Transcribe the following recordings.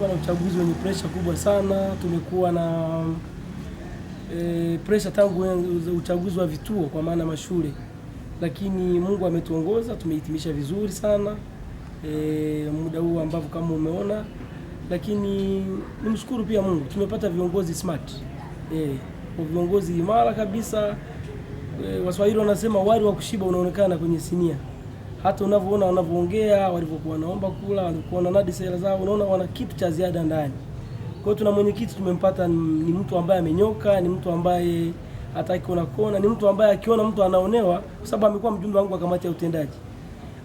tumekuwa na uchaguzi wenye presha kubwa sana. Tumekuwa na e, presha tangu uchaguzi wa vituo kwa maana mashule, lakini Mungu ametuongoza tumehitimisha vizuri sana e, muda huu ambavyo kama umeona, lakini nimshukuru pia Mungu tumepata viongozi smart e, viongozi imara kabisa e, Waswahili wanasema wali wa kushiba unaonekana kwenye sinia hata unavyoona wanavyoongea, walivyokuwa naomba kula, walikuwa na nadi sera zao, unaona wana kitu cha ziada ndani. Kwa hiyo tuna mwenyekiti tumempata, ni mtu ambaye amenyoka, ni mtu ambaye hataki kuona kona, ni mtu ambaye akiona mtu anaonewa, kwa sababu amekuwa mjumbe wangu wa kamati ya utendaji,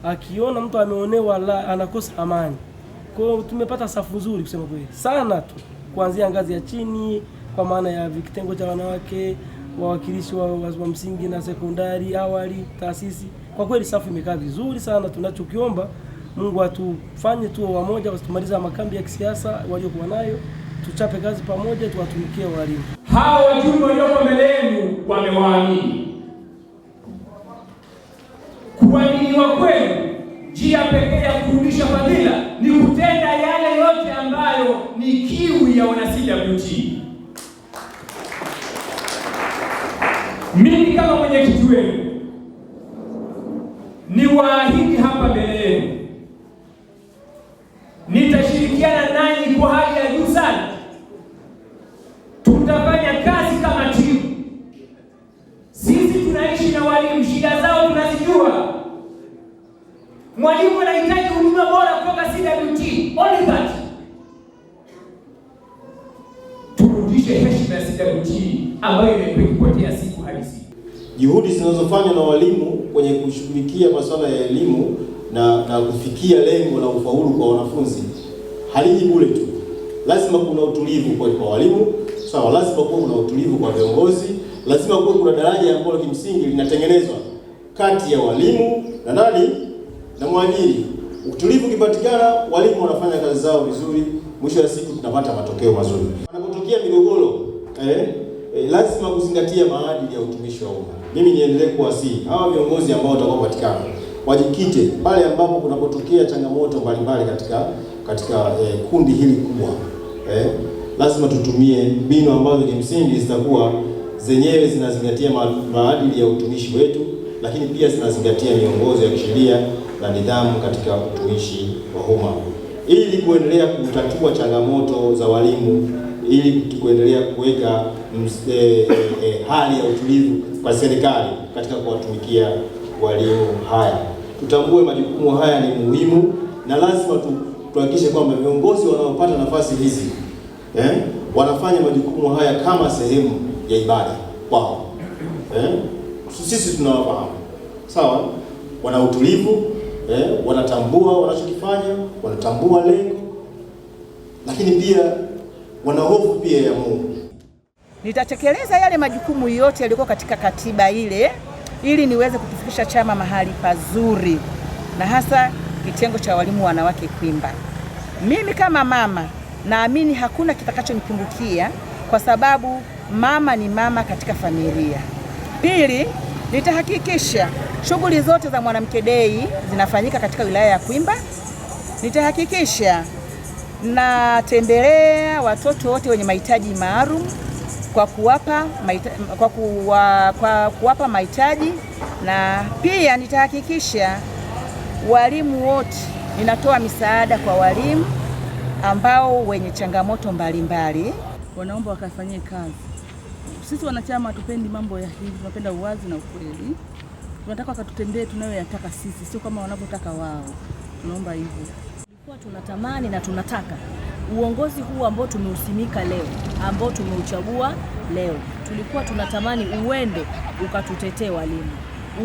akiona mtu ameonewa la, anakosa amani. Kwa hiyo tumepata safu nzuri kusema kweli sana tu, kuanzia ngazi ya chini, kwa maana ya kitengo cha wanawake, wawakilishi wa, wa msingi na sekondari, awali, taasisi kwa kweli safu imekaa vizuri sana. Tunachokiomba Mungu atufanye tuwe wamoja, tumaliza makambi ya kisiasa waliokuwa nayo, tuchape kazi pamoja, tuwatumikie walimu. Hawa wajumbe walioko mbele yenu wamewaamini. Kuaminiwa kwenu, njia pekee ya kurudisha fadhila ni kutenda yale yote ambayo ni kiu ya wana CWT. Mimi kama mwenyekiti wenu ni waahidi hapa mbele yenu, nitashirikiana nanyi kwa hali ya juu sana. Tutafanya kazi kama timu. Sisi tunaishi na walimu, shida zao tunazijua. Mwalimu anahitaji huduma bora kutoka CWT. Only that. Turudishe heshima ya CWT ambayo imekuwa ikipotea juhudi zinazofanywa na walimu kwenye kushughulikia masuala ya elimu na na kufikia lengo la ufaulu kwa wanafunzi haliji bure tu, lazima kuna utulivu kwa, kwa walimu sawa, lazima kuwe kuna utulivu kwa viongozi, lazima kuwe kuna daraja ambalo kimsingi linatengenezwa kati ya walimu na nani na mwajiri. Utulivu ukipatikana, walimu wanafanya kazi zao vizuri, mwisho wa siku tunapata matokeo mazuri. Anapotokea migogoro eh e, lazima kuzingatia maadili ya utumishi wa umma. Mimi niendelee kuwasihi hawa viongozi ambao watakuwa patikana wajikite pale ambapo kunapotokea changamoto mbalimbali katika katika e, kundi hili kubwa e, lazima tutumie mbinu ambazo kimsingi zitakuwa zenyewe zinazingatia maadili ya utumishi wetu, lakini pia zinazingatia miongozo ya kisheria na nidhamu katika utumishi wa umma ili kuendelea kutatua changamoto za walimu ili kuendelea kuweka e, e, hali ya utulivu kwa serikali katika kuwatumikia walimu. Haya, tutambue majukumu haya ni muhimu na lazima tuhakikishe kwamba viongozi wanaopata nafasi hizi eh, wanafanya majukumu haya kama sehemu ya ibada kwao. Eh, sisi tunawafahamu sawa, wana utulivu eh, wanatambua wanachokifanya, wanatambua lengo, lakini pia wana hofu pia ya Mungu. Nitatekeleza yale majukumu yote yaliyokuwa katika katiba ile ili niweze kukifikisha chama mahali pazuri, na hasa kitengo cha walimu wanawake Kwimba. Mimi kama mama naamini hakuna kitakachonipungukia kwa sababu mama ni mama katika familia. Pili, nitahakikisha shughuli zote za mwanamke dei zinafanyika katika wilaya ya Kwimba. Nitahakikisha Natembelea watoto wote wenye mahitaji maalum kwa kuwapa mahitaji, kwa kuwa, kwa kuwapa mahitaji na pia nitahakikisha walimu wote, ninatoa misaada kwa walimu ambao wenye changamoto mbalimbali mbali. Wanaomba wakafanyie kazi. Sisi wanachama hatupendi mambo ya hivi, tunapenda uwazi na ukweli. Tunataka wakatutendee tunayoyataka sisi, sio kama wanavyotaka wao. Tunaomba hivyo. Kwa tunatamani na tunataka uongozi huu ambao tumeusimika leo, ambao tumeuchagua leo, tulikuwa tunatamani uende ukatutetee walimu,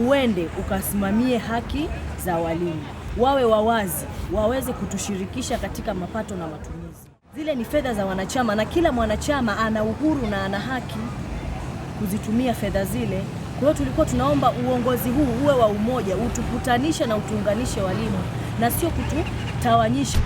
uende ukasimamie haki za walimu, wawe wawazi, waweze kutushirikisha katika mapato na matumizi. Zile ni fedha za wanachama, na kila mwanachama ana uhuru na ana haki kuzitumia fedha zile. Kwa hiyo tulikuwa tunaomba uongozi huu uwe wa umoja, utukutanishe na utuunganishe walimu na sio kututawanyisha.